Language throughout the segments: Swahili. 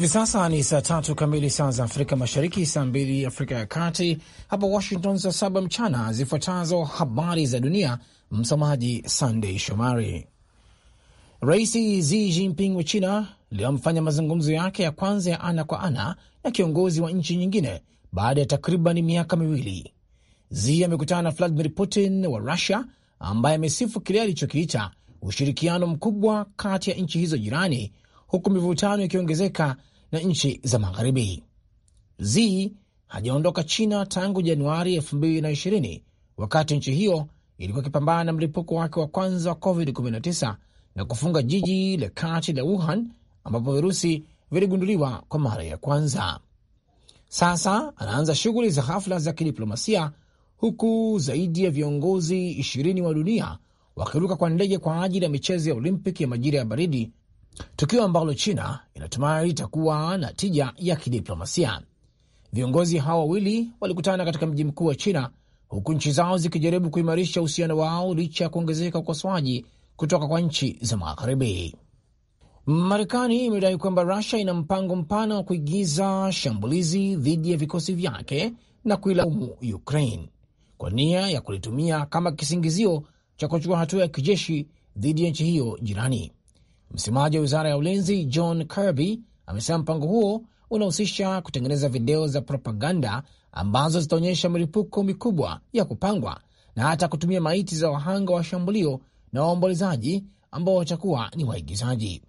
Hivi sasa ni saa tatu kamili saa za Afrika Mashariki, saa mbili Afrika ya Kati, hapa Washington saa saba mchana. Zifuatazo habari za dunia, msomaji Sandei Shomari. Rais Xi Jinping wa China leo amefanya mazungumzo yake ya kwanza ya ana kwa ana na kiongozi wa nchi nyingine baada ya takriban miaka miwili. Xi amekutana na Vladimir Putin wa Russia ambaye amesifu kile alichokiita ushirikiano mkubwa kati ya nchi hizo jirani, huku mivutano ikiongezeka na nchi za Magharibi. Z hajaondoka China tangu Januari 2020 wakati nchi hiyo ilikuwa ikipambana na mlipuko wake wa kwanza wa COVID-19 na kufunga jiji la kati la Wuhan ambapo virusi viligunduliwa kwa mara ya kwanza. Sasa anaanza shughuli za hafla za kidiplomasia huku zaidi ya viongozi ishirini wa dunia wakiruka kwa ndege kwa ajili ya michezo ya Olimpiki ya majira ya baridi tukio ambalo China inatumai litakuwa na tija ya kidiplomasia. Viongozi hawa wawili walikutana katika mji mkuu wa China, huku nchi zao zikijaribu kuimarisha uhusiano wao licha ya kuongezeka ukosoaji kutoka kwa nchi za Magharibi. Marekani imedai kwamba Rusia ina mpango mpana wa kuigiza shambulizi dhidi ya vikosi vyake na kuilaumu Ukraine kwa nia ya kulitumia kama kisingizio cha kuchukua hatua ya kijeshi dhidi ya nchi hiyo jirani. Msemaji wa wizara ya ulinzi John Kirby amesema mpango huo unahusisha kutengeneza video za propaganda ambazo zitaonyesha milipuko mikubwa ya kupangwa na hata kutumia maiti za wahanga wa shambulio na waombolezaji ambao watakuwa ni waigizaji.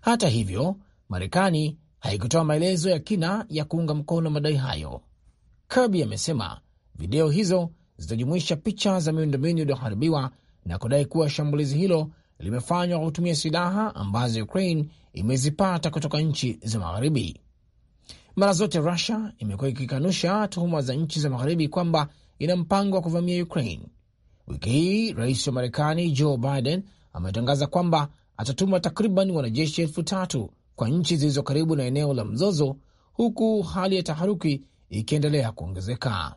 Hata hivyo, Marekani haikutoa maelezo ya kina ya kuunga mkono madai hayo. Kirby amesema video hizo zitajumuisha picha za miundombinu iliyoharibiwa na kudai kuwa shambulizi hilo limefanywa kwa kutumia silaha ambazo Ukraine imezipata kutoka nchi za Magharibi. Mara zote Rusia imekuwa ikikanusha tuhuma za nchi za Magharibi kwamba ina mpango wa kuvamia Ukraine. Wiki hii rais wa Marekani Joe Biden ametangaza kwamba atatuma takriban wanajeshi elfu tatu kwa nchi zilizo karibu na eneo la mzozo, huku hali ya taharuki ikiendelea kuongezeka.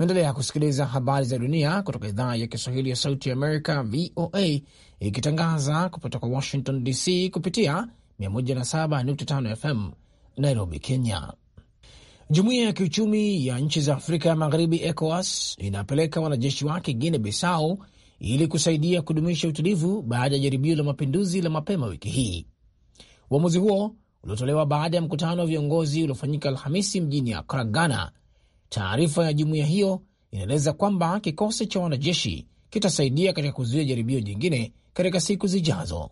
Naendelea kusikiliza habari za dunia kutoka idhaa ya Kiswahili ya Sauti ya Amerika, VOA, ikitangaza kutoka Washington DC kupitia 107.5 FM Nairobi, Kenya. Jumuiya ya kiuchumi ya nchi za Afrika ya Magharibi, ECOWAS, inapeleka wanajeshi wake Guine Bissau ili kusaidia kudumisha utulivu baada ya jaribio la mapinduzi la mapema wiki hii. Uamuzi huo uliotolewa baada ya mkutano wa viongozi uliofanyika Alhamisi mjini Accra, Ghana, Taarifa ya jumuiya hiyo inaeleza kwamba kikosi cha wanajeshi kitasaidia katika kuzuia jaribio jingine katika siku zijazo.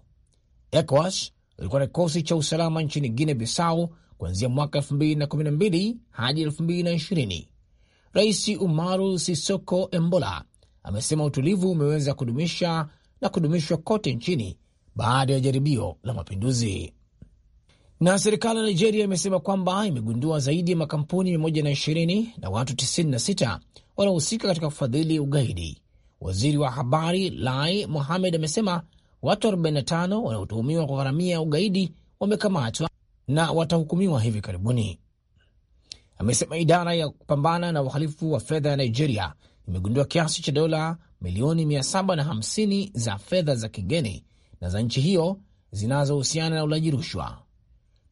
ECOWAS ilikuwa na kikosi cha usalama nchini Guinea Bissau kuanzia mwaka 2012 hadi 2020. Rais Umaru Sisoko Embola amesema utulivu umeweza kudumisha na kudumishwa kote nchini baada ya jaribio la mapinduzi. Na serikali ya Nigeria imesema kwamba imegundua zaidi ya makampuni 120 na watu 96 wanaohusika katika kufadhili ugaidi. Waziri wa habari Lai Mohamed amesema watu 45 wanaotuhumiwa kugharamia ugaidi wamekamatwa na watahukumiwa hivi karibuni. Amesema idara ya kupambana na uhalifu wa fedha ya Nigeria imegundua kiasi cha dola milioni 750 za fedha za kigeni na za nchi hiyo zinazohusiana na ulaji rushwa.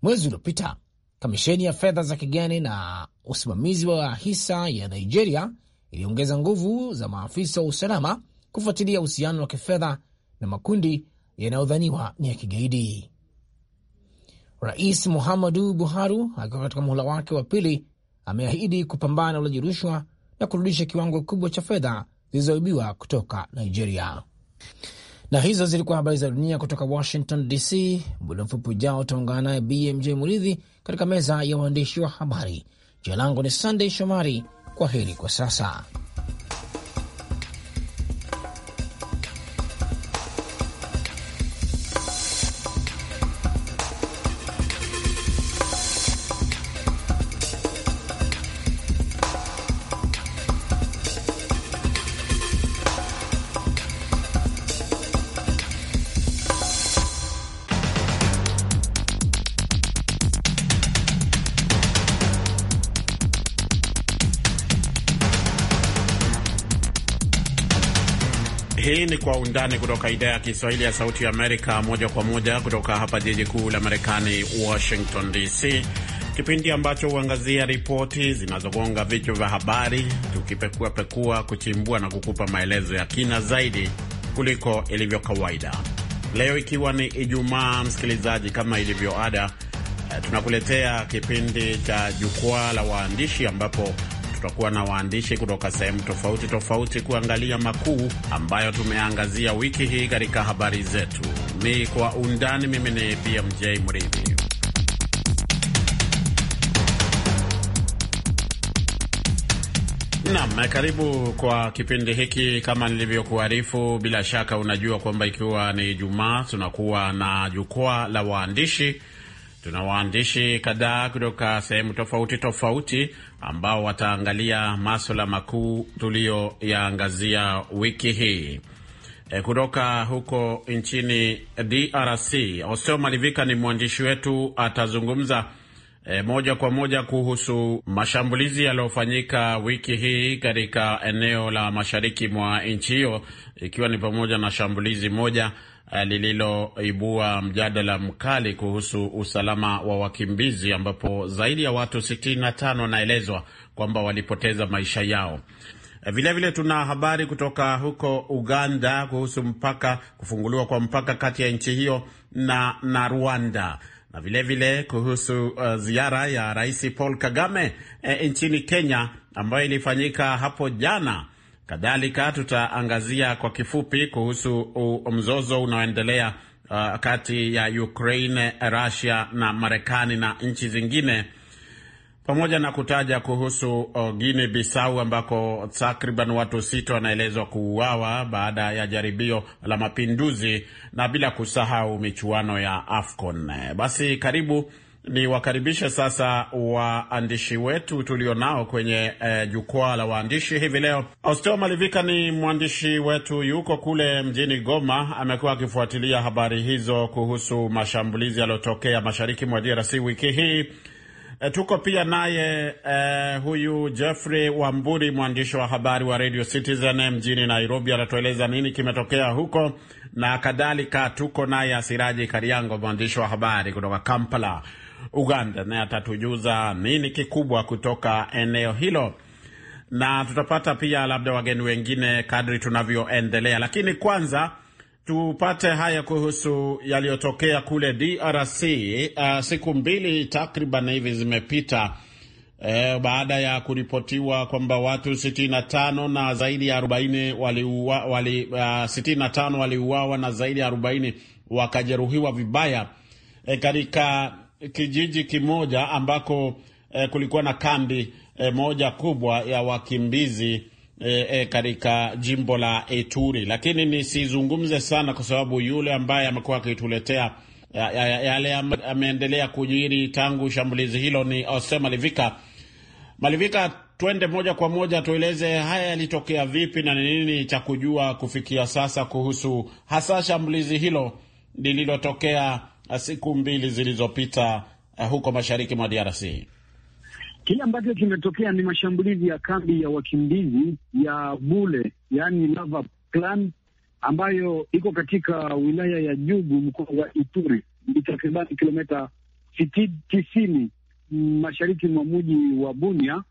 Mwezi uliopita kamisheni ya fedha za kigeni na usimamizi wa hisa ya Nigeria iliongeza nguvu za maafisa wa usalama kufuatilia uhusiano wa kifedha na makundi yanayodhaniwa ni ya kigaidi. Rais Muhammadu Buhari akiwa katika muhula wake wa pili ameahidi kupambana na ulaji rushwa na kurudisha kiwango kikubwa cha fedha zilizoibiwa kutoka Nigeria. Na hizo zilikuwa habari za dunia kutoka Washington DC. Muda mfupi ujao utaungana naye BMJ Muridhi katika meza ya waandishi wa habari. Jina langu ni Sandey Shomari. Kwa heri kwa sasa. Undani kutoka idhaa ya Kiswahili ya Sauti ya Amerika, moja kwa moja kutoka hapa jiji kuu la Marekani, Washington DC, kipindi ambacho huangazia ripoti zinazogonga vichwa vya habari, tukipekuapekua, kuchimbua na kukupa maelezo ya kina zaidi kuliko ilivyo kawaida. Leo ikiwa ni Ijumaa, msikilizaji, kama ilivyo ada, eh, tunakuletea kipindi cha Jukwaa la Waandishi ambapo tutakuwa na waandishi kutoka sehemu tofauti tofauti kuangalia makuu ambayo tumeangazia wiki hii katika habari zetu. Ni kwa undani. Mimi ni BMJ Mridhi. Naam, karibu kwa kipindi hiki. Kama nilivyokuarifu, bila shaka unajua kwamba ikiwa ni Ijumaa tunakuwa na jukwaa la waandishi. Tuna waandishi kadhaa kutoka sehemu tofauti tofauti ambao wataangalia maswala makuu tuliyoyaangazia wiki hii. E, kutoka huko nchini DRC Oseo Malivika ni mwandishi wetu, atazungumza e, moja kwa moja kuhusu mashambulizi yaliyofanyika wiki hii katika eneo la mashariki mwa nchi hiyo, ikiwa ni pamoja na shambulizi moja Eh, lililoibua mjadala mkali kuhusu usalama wa wakimbizi ambapo zaidi ya watu 65 wanaelezwa kwamba walipoteza maisha yao. Vilevile eh, vile tuna habari kutoka huko Uganda kuhusu mpaka kufunguliwa kwa mpaka kati ya nchi hiyo na, na Rwanda na vilevile vile kuhusu uh, ziara ya Rais Paul Kagame eh, nchini Kenya ambayo ilifanyika hapo jana Kadhalika tutaangazia kwa kifupi kuhusu mzozo unaoendelea uh, kati ya Ukraine, Russia na Marekani na nchi zingine pamoja na kutaja kuhusu uh, Guinea Bissau ambako takriban watu sita wanaelezwa kuuawa baada ya jaribio la mapinduzi na bila kusahau michuano ya AFCON. Basi karibu ni wakaribishe sasa waandishi wetu tulionao kwenye eh, jukwaa la waandishi hivi leo. Austeo Malivika ni mwandishi wetu, yuko kule mjini Goma. Amekuwa akifuatilia habari hizo kuhusu mashambulizi yaliyotokea mashariki mwa DRC wiki hii. E, tuko pia naye e, huyu Jeffrey Wamburi mwandishi wa habari wa Radio Citizen mjini Nairobi, anatueleza nini kimetokea huko na kadhalika. Tuko naye Asiraji Kariango mwandishi wa habari kutoka Kampala. Uganda, naye atatujuza nini kikubwa kutoka eneo hilo, na tutapata pia labda wageni wengine kadri tunavyoendelea. Lakini kwanza tupate haya kuhusu yaliyotokea kule DRC. Uh, eh, siku mbili takriban hivi zimepita eh, baada ya kuripotiwa kwamba watu 65 na zaidi ya 40 waliuawa wali, uh, eh, 65 waliuawa na zaidi ya 40 wakajeruhiwa vibaya eh, katika kijiji kimoja ambako eh, kulikuwa na kambi eh, moja kubwa ya wakimbizi eh, eh, katika jimbo la Ituri, lakini nisizungumze sana kwa sababu yule ambaye amekuwa akituletea yale ya, ya, ameendelea kujiri tangu shambulizi hilo ni Ose Malivika. Malivika, twende moja kwa moja, tueleze haya yalitokea vipi na ni nini cha kujua kufikia sasa kuhusu hasa shambulizi hilo lililotokea siku mbili zilizopita eh, huko mashariki mwa DRC? Kile ambacho kimetokea ni mashambulizi ya kambi ya wakimbizi ya Bule, yaani Lava Clan, ambayo iko katika wilaya ya Jugu, mkoa wa Ituri, ni takribani kilomita tisini mashariki mwa mji wa Bunia,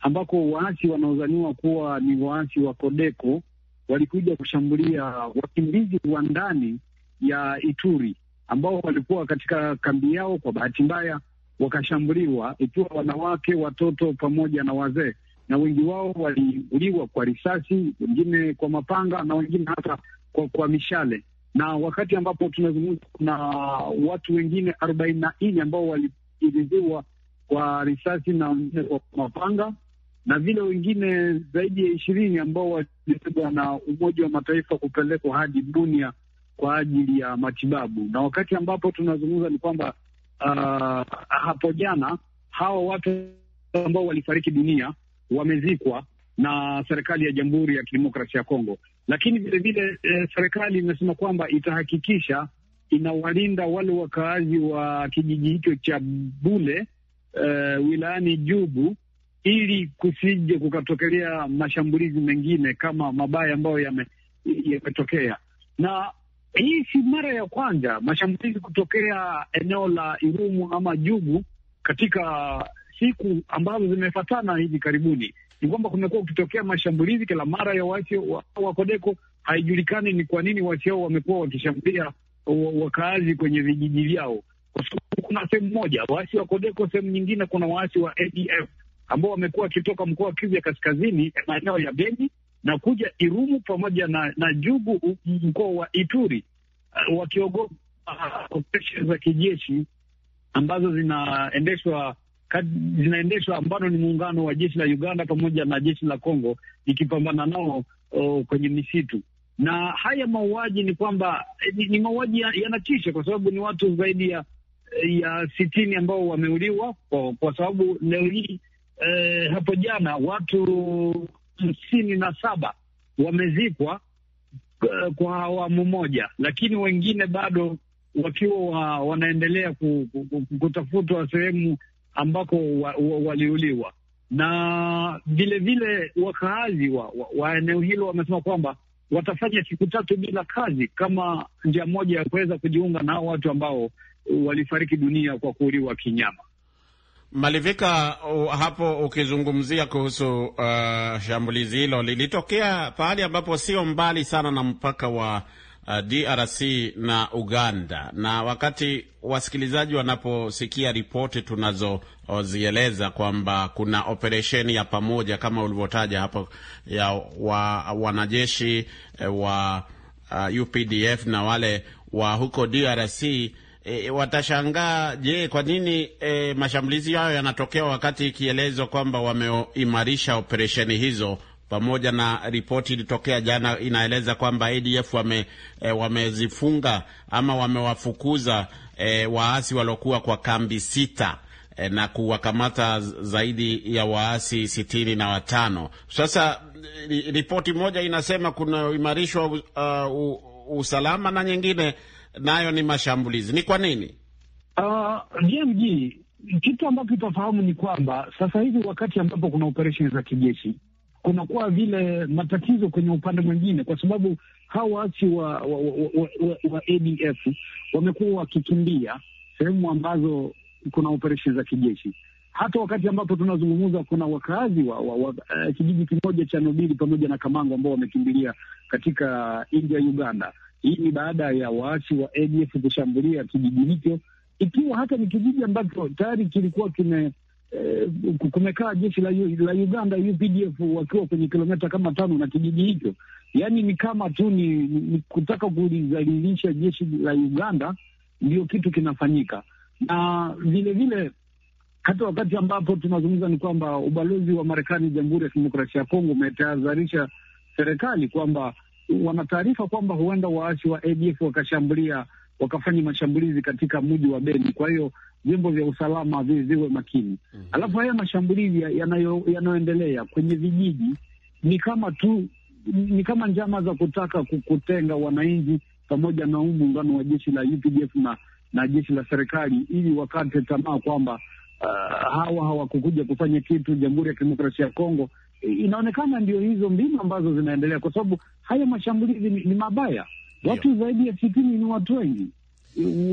ambako waasi wanaodhaniwa kuwa ni waasi wa Kodeko walikuja kushambulia wakimbizi wa ndani ya Ituri ambao walikuwa katika kambi yao, kwa bahati mbaya wakashambuliwa, ikiwa wanawake, watoto pamoja na wazee, na wengi wao waliuliwa kwa risasi, wengine kwa mapanga na wengine hata kwa, kwa mishale. Na wakati ambapo tunazungumza, kuna watu wengine arobaini na nne ambao walijeruhiwa kwa risasi na wengine kwa mapanga na vile wengine zaidi ya ishirini ambao walibebwa na Umoja wa Mataifa kupelekwa hadi Bunia kwa ajili ya matibabu. Na wakati ambapo tunazungumza ni kwamba uh, hapo jana hawa watu ambao walifariki dunia wamezikwa na serikali ya Jamhuri ya Kidemokrasia ya Kongo, lakini vilevile eh, serikali imesema kwamba itahakikisha inawalinda wale wakaazi wa kijiji hicho cha Bule eh, wilayani Jugu ili kusije kukatokelea mashambulizi mengine kama mabaya ambayo yametokea. Na hii si mara ya kwanza mashambulizi kutokea eneo la Irumu ama Jugu katika siku ambazo zimefatana hivi karibuni. Ni kwamba kumekuwa kukitokea mashambulizi kila mara ya waasi wa, wa Kodeko. Haijulikani ni kwa nini waasi hao wamekuwa wakishambulia wakaazi kwenye vijiji vyao, kwa sababu kuna sehemu moja waasi wa Kodeko, sehemu nyingine kuna waasi wa ADF ambao wamekuwa wakitoka mkoa wa Kivu ya kaskazini maeneo ya Beni na kuja Irumu pamoja na, na Jugu mkoa wa Ituri uh, wakiogopa uh, operesheni za kijeshi ambazo zinaendeshwa zinaendeshwa ambalo ni muungano wa jeshi la Uganda pamoja na jeshi la Kongo ikipambana nao uh, kwenye misitu. Na haya mauaji ni kwamba eh, ni, ni mauaji yanatisha ya kwa sababu ni watu zaidi ya eh, ya sitini ambao wameuliwa kwa, kwa sababu leo hii eh, hapo jana watu hamsini na saba wamezikwa eh, kwa awamu moja, lakini wengine bado wakiwa wanaendelea kutafutwa sehemu ambako wa, wa, waliuliwa. Na vilevile wakaazi wa, wa, wa eneo hilo wamesema kwamba watafanya siku tatu bila kazi kama njia moja ya kuweza kujiunga na hao watu ambao walifariki dunia kwa kuuliwa kinyama. Malivika, uh, hapo ukizungumzia kuhusu uh, shambulizi hilo lilitokea pahali ambapo sio mbali sana na mpaka wa uh, DRC na Uganda, na wakati wasikilizaji wanaposikia ripoti tunazozieleza kwamba kuna operesheni ya pamoja kama ulivyotaja hapo ya wa, wanajeshi eh, wa uh, UPDF na wale wa huko DRC E, e, watashangaa je, kwa nini e, mashambulizi hayo yanatokea wakati ikielezwa kwamba wameimarisha operesheni hizo pamoja na ripoti ilitokea jana inaeleza kwamba ADF wame, e, wamezifunga ama wamewafukuza e, waasi waliokuwa kwa kambi sita e, na kuwakamata zaidi ya waasi sitini na watano. Sasa ripoti moja inasema kuna uh, usalama na nyingine nayo ni mashambulizi. Ni kwa nini? Uh, kitu ambacho utafahamu ni kwamba sasa hivi wakati ambapo kuna operesheni za kijeshi kunakuwa vile matatizo kwenye upande mwingine, kwa sababu hawa waasi wa, wa, wa, wa, wa ADF wamekuwa wakikimbia sehemu ambazo kuna operesheni za kijeshi. Hata wakati ambapo tunazungumza kuna wakaazi wa, wa, wa uh, kijiji kimoja cha Nobili pamoja na Kamango ambao wamekimbilia katika India Uganda hii ni baada ya waasi wa ADF kushambulia kijiji hicho, ikiwa hata ni kijiji ambacho tayari kilikuwa kime eh, kumekaa jeshi la, la Uganda UPDF wakiwa kwenye kilometa kama tano na kijiji hicho. Yaani ni kama tu ni, ni, ni kutaka kulidhalilisha jeshi la Uganda, ndio kitu kinafanyika na vilevile hata wakati ambapo tunazungumza ni kwamba ubalozi wa Marekani jamhuri ya kidemokrasia ya Kongo umetahadharisha serikali kwamba wana taarifa kwamba huenda waasi wa ADF wakashambulia wakafanya mashambulizi katika mji wa Beni. Kwa hiyo vyombo vya usalama viziwe makini. mm -hmm. Alafu haya mashambulizi yanayoendelea ya kwenye vijiji ni kama tu ni kama njama za kutaka kutenga wananchi pamoja na huu muungano wa jeshi la UPDF na, na jeshi la serikali ili wakate tamaa kwamba uh, hawa hawakukuja kufanya kitu Jamhuri ya Kidemokrasia ya Kongo, inaonekana ndio hizo mbinu ambazo zinaendelea, kwa sababu haya mashambulizi ni, ni mabaya. Watu zaidi ya sitini ni watu wengi,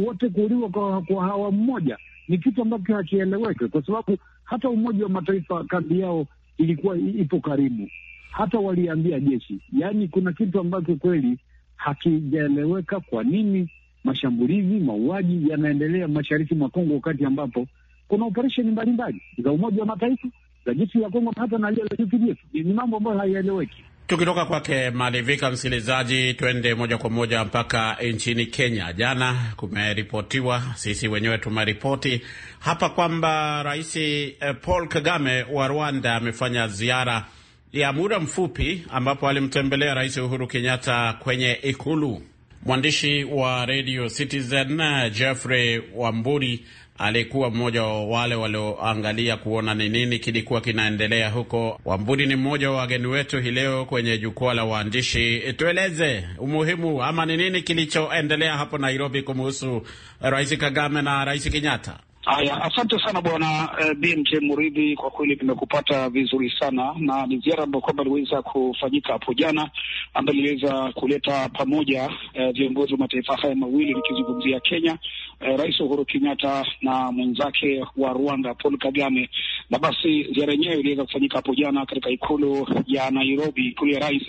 wote kuuliwa kwa, kwa hawa mmoja ni kitu ambacho hakieleweke, kwa sababu hata Umoja wa Mataifa kambi yao ilikuwa ipo karibu, hata waliambia jeshi. Yaani kuna kitu ambacho kweli hakijaeleweka, kwa nini mashambulizi, mauaji yanaendelea mashariki mwa Kongo wakati ambapo kuna operesheni mbalimbali za Umoja wa Mataifa la jeshi la Kongo hata na la UPDF. Ni mambo ambayo hayaeleweki. Tukitoka kwake Malivika, msikilizaji, twende moja kwa moja mpaka nchini Kenya. Jana kumeripotiwa, sisi wenyewe tumeripoti hapa kwamba Rais eh, Paul Kagame wa Rwanda amefanya ziara ya muda mfupi, ambapo alimtembelea Rais Uhuru Kenyatta kwenye Ikulu. Mwandishi wa Radio Citizen eh, Jeffrey Wamburi alikuwa mmoja wa wale walioangalia kuona ni nini kilikuwa kinaendelea huko. Wambudi ni mmoja wa wageni wetu hii leo kwenye jukwaa la waandishi. Tueleze umuhimu ama ni nini kilichoendelea hapo Nairobi kumuhusu Rais Kagame na Rais Kenyatta. Haya, asante sana bwana eh, BMJ Muridhi, kwa kweli nimekupata vizuri sana, na ni ziara ambayo kwamba iliweza kufanyika hapo jana, ambayo iliweza kuleta pamoja eh, viongozi wa mataifa haya mawili, nikizungumzia Kenya eh, Rais Uhuru Kenyatta na mwenzake wa Rwanda Paul Kagame. Na basi ziara yenyewe iliweza kufanyika hapo jana katika ikulu ya Nairobi, ikulu ya rais,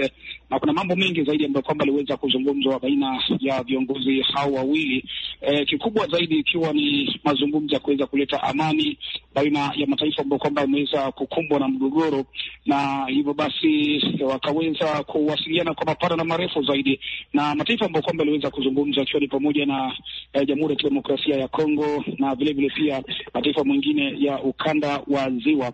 na kuna mambo mengi zaidi ambayo kwamba aliweza kuzungumzwa baina ya viongozi hao wawili eh, kikubwa zaidi ikiwa ni mazungumzo ya kuweza kuleta amani baina ya mataifa ambayo kwamba yameweza kukumbwa na mgogoro, na hivyo basi wakaweza kuwasiliana kwa mapana na marefu zaidi na mataifa ambayo kwamba yaliweza kuzungumza, ikiwa ni pamoja na eh, Jamhuri ya Kidemokrasia ya Kongo na vile vile pia mataifa mengine ya ukanda wa Ziwa.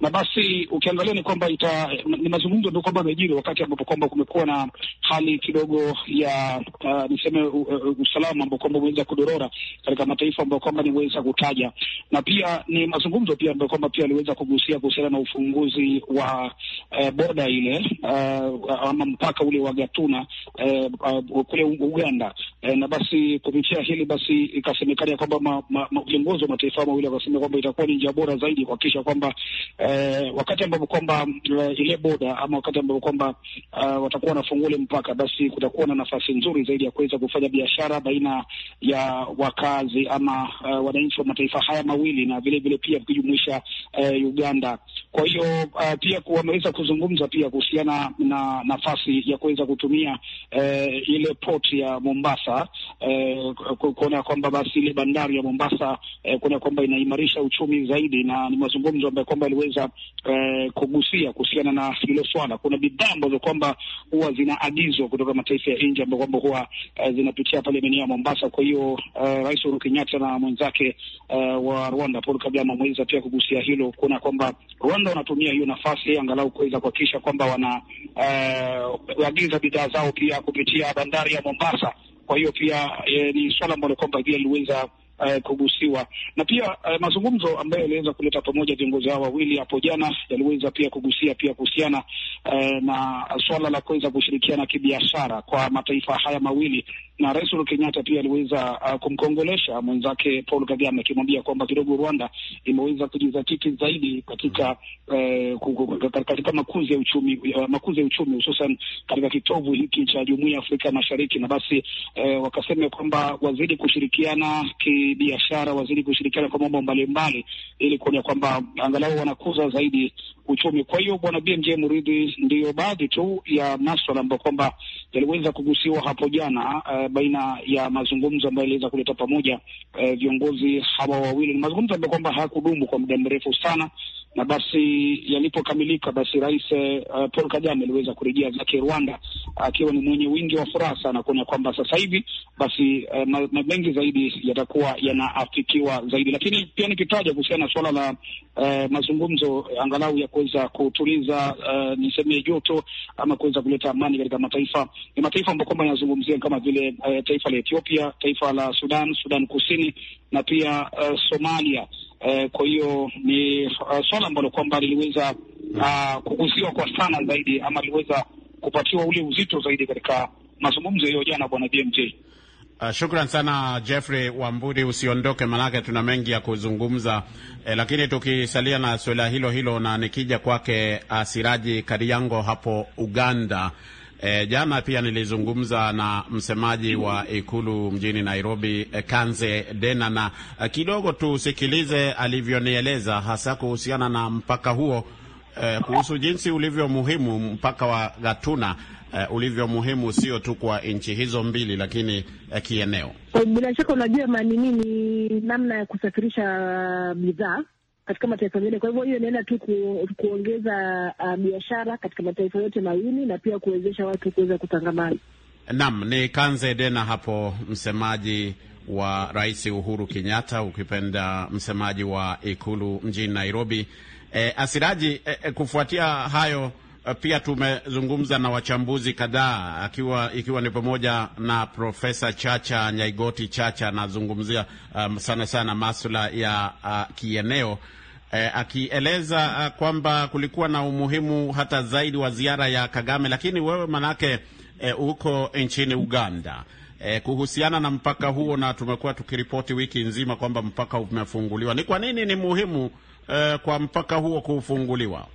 Na basi ukiangalia ni kwamba ita ni mazungumzo ndio kwamba yamejiri wakati ambapo kwamba kumekuwa na hali kidogo ya uh, niseme uh, usalama ambao kwamba umeweza kudorora katika mataifa ambayo kwamba niweza kutaja na pia ni mazungumzo pia ambayo kwamba pia aliweza kugusia kuhusiana na ufunguzi wa eh, boda ile uh, ama mpaka ule wa Gatuna eh, uh, kule Uganda eh, na basi kupitia hili basi ikasemekana ya kwamba viongozi wa mataifa mawili wakasema kwamba itakuwa ni njia bora zaidi kuhakikisha kwamba eh, wakati ambapo kwamba uh, ile boda ama wakati ambapo kwamba uh, watakuwa wanafungua ule mpaka, basi kutakuwa na nafasi nzuri zaidi ya kuweza kufanya biashara baina ya wakazi ama uh, wananchi wa mataifa haya mawili na vile vile pia kujumuisha eh, Uganda. Kwa hiyo uh, pia wameweza kuzungumza pia kuhusiana na nafasi ya kuweza kutumia eh, ile port ya Mombasa eh, kuona kwamba basi ile bandari ya Mombasa eh, kuona kwamba inaimarisha uchumi zaidi, na ni mazungumzo ambayo kwamba aliweza eh, kugusia kuhusiana na hilo swala. Kuna bidhaa ambazo kwamba huwa zinaagizwa kutoka mataifa ya nje ambayo kwamba huwa eh, zinapitia pale maeneo ya Mombasa. Kwa hiyo eh, Rais Uhuru Kenyatta na mwenzake eh, wa Rwanda Paul Kagame wameweza pia kugusia hilo, kuna kwamba Rwanda wanatumia hiyo nafasi angalau kuweza kuhakikisha kwamba wanaagiza eh, uh, bidhaa zao pia kupitia bandari ya Mombasa. Kwa hiyo pia e, ni swala ambalo kwamba pia liweza Uh, eh, kugusiwa na pia uh, mazungumzo ambayo yaliweza kuleta pamoja viongozi hao wawili hapo jana yaliweza pia kugusia pia kuhusiana uh, na swala la kuweza kushirikiana kibiashara kwa mataifa haya mawili na Rais Uhuru Kenyatta pia aliweza uh, kumkongolesha mwenzake Paul Kagame akimwambia kwamba kidogo Rwanda imeweza kujizatiti zaidi katika eh, katika makuzi ya uchumi uh, makuzi ya uchumi hususan katika kitovu hiki cha Jumuiya ya Afrika Mashariki, na basi eh, wakasema kwamba wazidi kushirikiana kibiashara, wazidi kushirikiana kwa mambo mbalimbali, ili kuona kwamba angalau wanakuza zaidi uchumi. Kwa hiyo bwana BMJ Muridhi, ndiyo baadhi tu ya maswala ambayo kwamba yaliweza kugusiwa hapo jana uh, baina ya mazungumzo ambayo yaliweza kuleta pamoja uh, viongozi hawa wawili. Ni mazungumzo ambayo kwamba hayakudumu kwa muda mrefu sana, na basi yalipokamilika, basi rais uh, Paul Kagame aliweza kurejea zake Rwanda akiwa uh, ni mwenye wingi wa furaha sana kuona kwamba sasa hivi basi uh, mengi zaidi yatakuwa yanaafikiwa zaidi, lakini pia nikitaja kuhusiana na suala la uh, mazungumzo angalau ya kuweza kutuliza uh, niseme joto ama kuweza kuleta amani katika mataifa ni mataifa ambayo kwamba yanazungumzia kama vile uh, taifa la Ethiopia, taifa la Sudan, Sudan Kusini na pia uh, Somalia. Uh, kwa hiyo ni uh, swala ambalo kwamba liliweza uh, kugusiwa kwa sana zaidi ama liliweza kupatiwa ule uzito zaidi katika mazungumzo hiyo jana, bwana BMJ. Uh, ah, shukran sana Jeffrey Wamburi, usiondoke manake tuna mengi ya kuzungumza eh, lakini tukisalia na suala hilo hilo na nikija kwake uh, Siraji Kariango hapo Uganda E, jana pia nilizungumza na msemaji wa ikulu mjini Nairobi e, Kanze Dena na e, kidogo tusikilize alivyonieleza hasa kuhusiana na mpaka huo e, kuhusu jinsi ulivyo muhimu mpaka wa Gatuna e, ulivyo muhimu sio tu kwa nchi hizo mbili lakini e, kieneo. Bila shaka unajua manini ni namna ya kusafirisha bidhaa katika mataifa mengine. Kwa hivyo hiyo inaenda tu ku, kuongeza uh, biashara katika mataifa yote mawili na pia kuwezesha watu kuweza kutangamana. Naam, ni kanze dena hapo, msemaji wa Rais Uhuru Kenyatta, ukipenda msemaji wa Ikulu mjini Nairobi. E, Asiraji, e, e, kufuatia hayo Eh, pia tumezungumza na wachambuzi kadhaa akiwa ikiwa ni pamoja na Profesa Chacha Nyaigoti Chacha, anazungumzia um, sana sana masuala ya uh, kieneo E, akieleza uh, kwamba kulikuwa na umuhimu hata zaidi wa ziara ya Kagame, lakini wewe manake e, uko nchini Uganda e, kuhusiana na mpaka huo, na tumekuwa tukiripoti wiki nzima kwamba mpaka umefunguliwa. Ni kwa nini ni muhimu e, kwa mpaka huo kufunguliwa?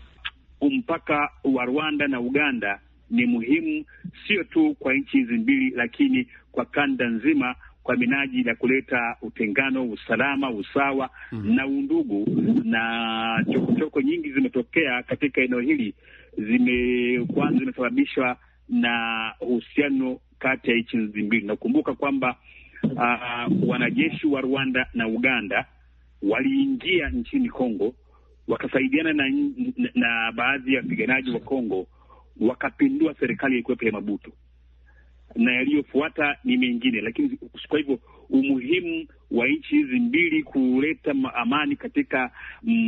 mpaka wa Rwanda na Uganda ni muhimu sio tu kwa nchi hizi mbili, lakini kwa kanda nzima kwa minaji ya kuleta utengano, usalama, usawa mm -hmm. na undugu. Na chokochoko nyingi zimetokea katika eneo hili, zime kwanza zimesababishwa na uhusiano kati ya nchi hizi mbili. Nakumbuka kwamba uh, wanajeshi wa Rwanda na Uganda waliingia nchini Kongo wakasaidiana na, na, na baadhi ya wapiganaji wa Kongo wakapindua serikali ilikuwepo ya Mabutu na yaliyofuata ni mengine, lakini kwa hivyo umuhimu wa nchi hizi mbili kuleta amani katika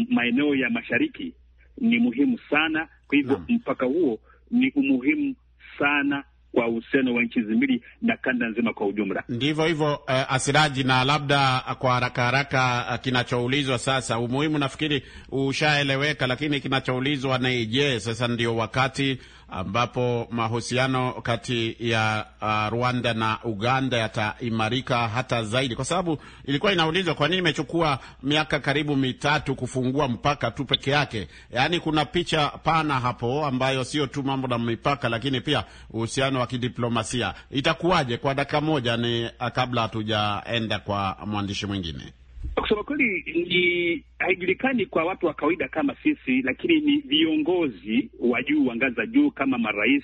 maeneo ya mashariki ni muhimu sana. Kwa hivyo mpaka huo ni umuhimu sana kwa uhusiano wa nchi hizi mbili na kanda nzima kwa ujumla. Ndivyo hivyo, uh, Asiraji, na labda kwa haraka haraka, uh, kinachoulizwa sasa, umuhimu nafikiri ushaeleweka, lakini kinachoulizwa ni je, sasa ndio wakati ambapo mahusiano kati ya uh, Rwanda na Uganda yataimarika hata zaidi, kwa sababu ilikuwa inaulizwa kwa nini imechukua miaka karibu mitatu kufungua mpaka tu peke yake. Yaani kuna picha pana hapo ambayo sio tu mambo na mipaka, lakini pia uhusiano wa kidiplomasia. Itakuwaje? Kwa dakika moja ni uh, kabla hatujaenda kwa mwandishi mwingine. Kusema kweli ni haijulikani kwa watu wa kawaida kama sisi, lakini ni viongozi wa juu wa ngazi za juu kama marais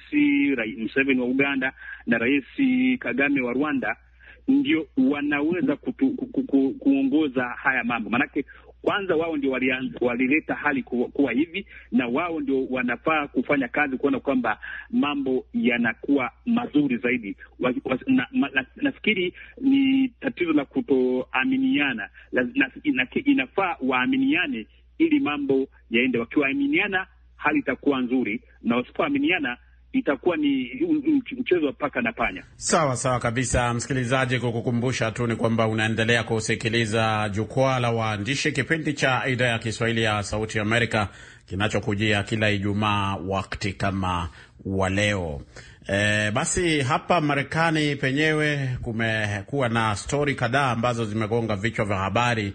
Museveni wa Uganda na Rais Kagame wa Rwanda ndio wanaweza kutu, ku, ku, ku, kuongoza haya mambo, maanake kwanza wao ndio walileta hali kuwa, kuwa hivi na wao ndio wanafaa kufanya kazi kuona kwamba mambo yanakuwa mazuri zaidi. wa, wa, na, ma, na, nafikiri ni tatizo la kutoaminiana na, na, inafaa waaminiane ili mambo yaende. Wakiwaaminiana hali itakuwa nzuri, na wasipoaminiana itakuwa ni mchezo wa paka na panya. Sawa sawa kabisa. Msikilizaji, kukukumbusha tu ni kwamba unaendelea kusikiliza Jukwaa la Waandishi, kipindi cha idhaa ya Kiswahili ya Sauti ya Amerika kinachokujia kila Ijumaa wakti kama wa leo. E, basi hapa Marekani penyewe kumekuwa na stori kadhaa ambazo zimegonga vichwa vya habari,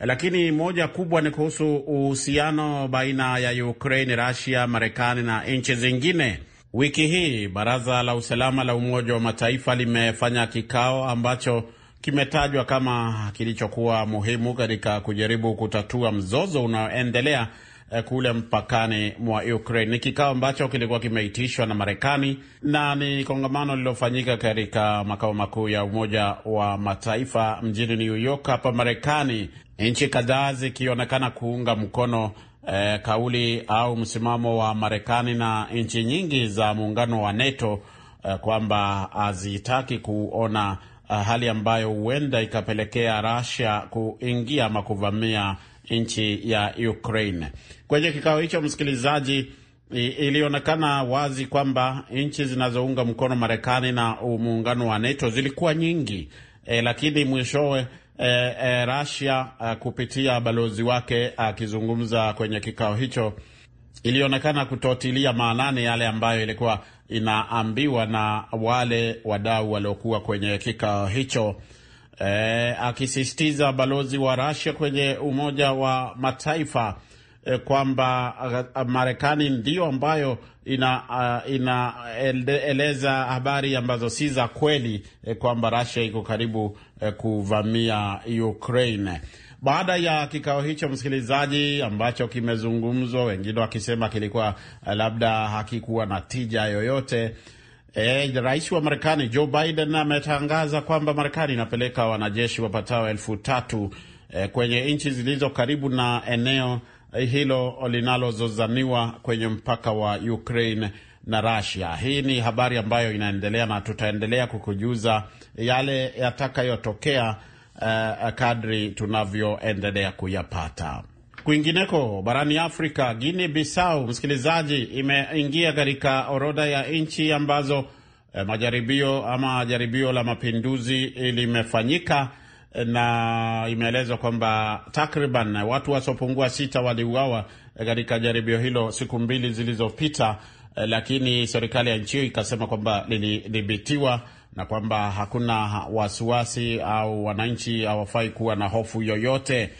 e, lakini moja kubwa ni kuhusu uhusiano baina ya Ukraine, Russia, Marekani na nchi zingine Wiki hii baraza la usalama la Umoja wa Mataifa limefanya kikao ambacho kimetajwa kama kilichokuwa muhimu katika kujaribu kutatua mzozo unaoendelea eh, kule mpakani mwa Ukraine. Ni kikao ambacho kilikuwa kimeitishwa na Marekani na ni kongamano lililofanyika katika makao makuu ya Umoja wa Mataifa mjini New York hapa Marekani, nchi kadhaa zikionekana kuunga mkono eh, kauli au msimamo wa Marekani na nchi nyingi za muungano wa NATO eh, kwamba hazitaki kuona eh, hali ambayo huenda ikapelekea Russia kuingia ama kuvamia nchi ya Ukraine. Kwenye kikao hicho, msikilizaji, ilionekana wazi kwamba nchi zinazounga mkono Marekani na muungano wa NATO zilikuwa nyingi eh, lakini mwishowe e, e, Russia a, eh, kupitia balozi wake akizungumza kwenye kikao hicho ilionekana kutotilia maanani yale ambayo ilikuwa inaambiwa na wale wadau waliokuwa kwenye kikao hicho. E, akisisitiza balozi wa Russia kwenye Umoja wa Mataifa Eh, kwamba eh, Marekani ndiyo ambayo inaeleza eh, habari ambazo si za kweli kwamba Russia iko karibu kuvamia Ukraine. Baada ya kikao hicho, msikilizaji, ambacho kimezungumzwa, wengine wakisema kilikuwa labda hakikuwa na tija yoyote. E, rais wa Marekani Joe Biden ametangaza kwamba Marekani inapeleka wanajeshi wapatao elfu tatu e, kwenye nchi zilizo karibu na eneo hilo linalozozaniwa kwenye mpaka wa Ukraine na Russia. Hii ni habari ambayo inaendelea na tutaendelea kukujuza yale yatakayotokea uh, kadri tunavyoendelea kuyapata. Kwingineko barani Afrika, Guinea Bissau, msikilizaji, imeingia katika orodha ya nchi ambazo eh, majaribio ama jaribio la mapinduzi limefanyika na imeelezwa kwamba takriban watu wasiopungua sita waliuawa eh, katika jaribio hilo siku mbili zilizopita, eh, lakini serikali ya nchi hiyo ikasema kwamba lilidhibitiwa na kwamba hakuna wasiwasi au wananchi hawafai kuwa na hofu yoyote.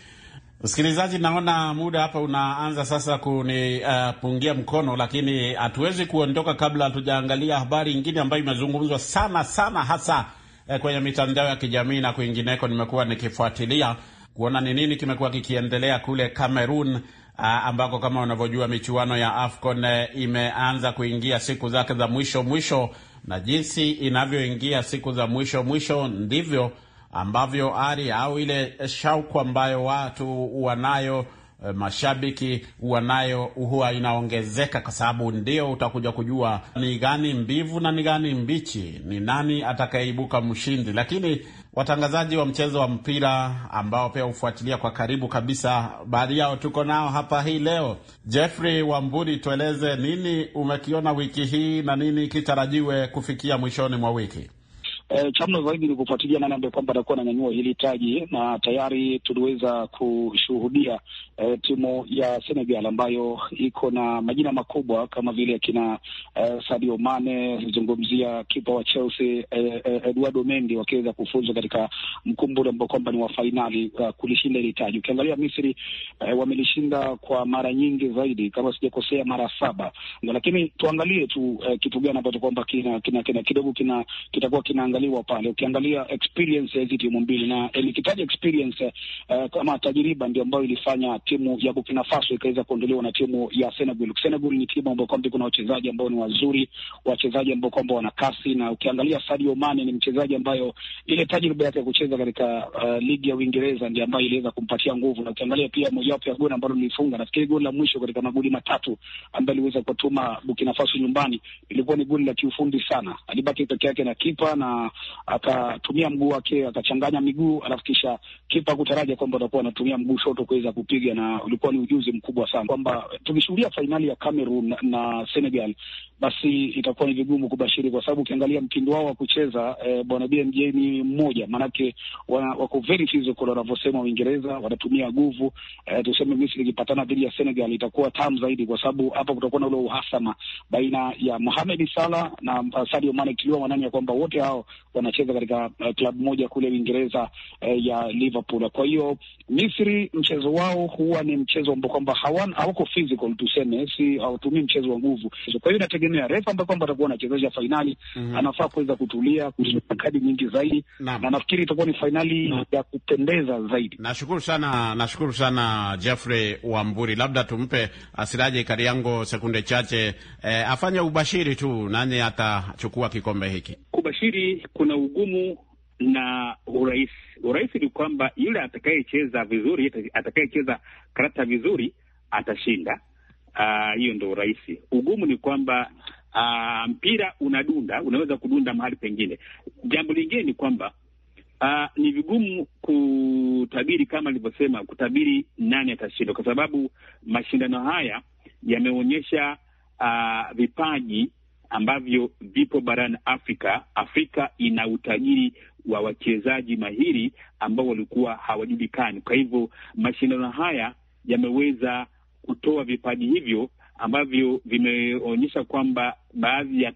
Msikilizaji, naona muda hapa unaanza sasa kunipungia uh, mkono, lakini hatuwezi kuondoka kabla hatujaangalia habari ingine ambayo imezungumzwa sana sana hasa Eh, kwenye mitandao ya kijamii na kwingineko, nimekuwa nikifuatilia kuona ni nini kimekuwa kikiendelea kule Cameroon eh, ambako kama unavyojua michuano ya AFCON eh, imeanza kuingia siku zake za mwisho mwisho, na jinsi inavyoingia siku za mwisho mwisho ndivyo ambavyo ari au ile shauku ambayo watu wanayo Eh, mashabiki huwa nayo huwa inaongezeka, kwa sababu ndio utakuja kujua ni gani mbivu na ni gani mbichi, ni nani atakayeibuka mshindi. Lakini watangazaji wa mchezo wa mpira ambao pia hufuatilia kwa karibu kabisa, baadhi yao tuko nao hapa hii leo. Jeffrey Wamburi, tueleze nini umekiona wiki hii na nini kitarajiwe kufikia mwishoni mwa wiki? E, cha mno zaidi ni kufuatilia nani ambaye kwamba atakuwa ananyanyua hili taji, na tayari tuliweza kushuhudia e, timu ya Senegal ambayo iko na majina makubwa kama vile akina e, eh, Sadio Mane, zungumzia kipa wa Chelsea e, e, Eduardo Mendy wakiweza kufuzu katika mkumbule ambao kwamba ni wa fainali uh, kulishinda hili taji. Ukiangalia Misri e, wamelishinda kwa mara nyingi zaidi kama sijakosea mara saba, lakini tuangalie tu e, kitu gani ambacho kwamba kina, kina, kina, kidogo kina kitakuwa kina zinaangaliwa pale, ukiangalia experience ya hizi timu mbili, na eh, nikitaja experience uh, kama tajriba ndio ambayo ilifanya timu ya Burkina Faso ikaweza kuondolewa na timu ya Senegal. Senegal ni timu ambayo kwamba kuna wachezaji ambao ni wazuri, wachezaji ambao kwamba wana kasi, na ukiangalia Sadio Mane ni mchezaji ambayo ile tajriba yake ya kucheza katika uh, ligi ya Uingereza ndio ambayo iliweza kumpatia nguvu, na ukiangalia pia mojawapo ya goli ambalo nilifunga, nafikiri goli la mwisho katika magoli matatu ambayo aliweza kutuma Burkina Faso nyumbani ilikuwa ni goli la kiufundi sana, alibaki peke yake na kipa na atatumia akatumia mguu wake akachanganya miguu, alafu kisha kipa kutaraja kwamba atakuwa anatumia mguu shoto kuweza kupiga, na ulikuwa ni ujuzi mkubwa sana kwamba tukishuhudia fainali ya Cameroon na Senegal basi itakuwa ni vigumu kubashiri, kwa sababu ukiangalia mtindo wao wa kucheza eh, bwana BMJ ni mmoja, maanake wako very physical wanavyosema Uingereza, wanatumia nguvu eh, tuseme Misri ikipatana dhidi ya Senegal itakuwa tamu zaidi, kwa sababu hapa kutakuwa na ule uhasama baina ya Mohamed Salah na uh, Sadio Mane, kiliwa manani ya kwamba wote hao wanacheza katika uh, klabu moja kule Uingereza eh, ya Liverpool. Kwa hiyo Misri mchezo wao huwa ni mchezo ambao kwamba hawako physical, tuseme si hawatumii mchezo wa nguvu, kwa hiyo inategemea refa ambaye kwamba atakuwa anachezesha fainali mm -hmm. anafaa kuweza kutulia kadi nyingi zaidi na, na nafikiri itakuwa ni fainali na ya kupendeza zaidi. Nashukuru sana, nashukuru sana Jeffrey Wamburi. Labda tumpe Asiraje uh, Kariango sekunde chache eh, afanye ubashiri tu, nani atachukua kikombe hiki? Kubashiri kuna ugumu na urahisi. Urahisi ni kwamba yule atakayecheza vizuri, atakayecheza karata vizuri atashinda Ah, hiyo uh, ndo urahisi. Ugumu ni kwamba uh, mpira unadunda, unaweza kudunda mahali pengine. Jambo lingine ni kwamba Uh, ni vigumu kutabiri kama nilivyosema, kutabiri nani atashinda, kwa sababu mashindano haya yameonyesha uh, vipaji ambavyo vipo barani Afrika. Afrika ina utajiri wa wachezaji mahiri ambao walikuwa hawajulikani, kwa hivyo mashindano haya yameweza kutoa vipaji hivyo ambavyo vimeonyesha kwamba baadhi ya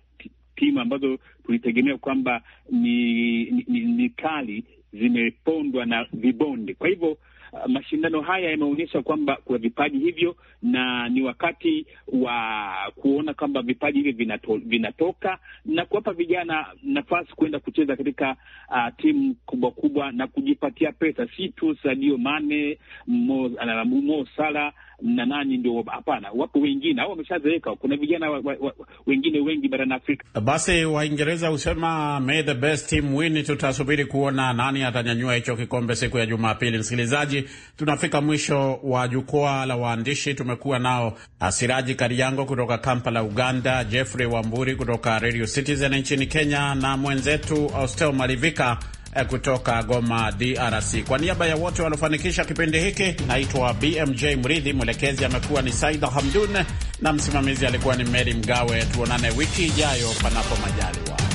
timu ambazo tulitegemea kwamba ni, ni, ni, ni kali zimepondwa na vibonde. Kwa hivyo uh, mashindano haya yameonyesha kwamba kuna vipaji hivyo na ni wakati wa kuona kwamba vipaji hivyo vinato, vinatoka na kuwapa vijana nafasi kwenda kucheza katika uh, timu kubwa kubwa na kujipatia pesa, si tu Sadio Mane, Mo, Mo Salah na nani ndio, hapana, wapo wengine au wameshazeeka. Kuna vijana wa, wa, wa, wengine wengi barani Afrika. Basi Waingereza husema may the best team win. Tutasubiri kuona nani atanyanyua hicho kikombe siku ya Jumapili. Msikilizaji, tunafika mwisho wa jukwaa la waandishi. Tumekuwa nao Asiraji Kariango kutoka Kampala, Uganda, Jeffrey Wamburi kutoka Radio Citizen nchini Kenya na mwenzetu Austel Malivika Eh, kutoka Goma, DRC. Kwa niaba ya wote waliofanikisha kipindi hiki, naitwa BMJ Mridhi, mwelekezi amekuwa ni Saida Hamdun na msimamizi alikuwa ni Meri Mgawe. Tuonane wiki ijayo, panapo majaliwa.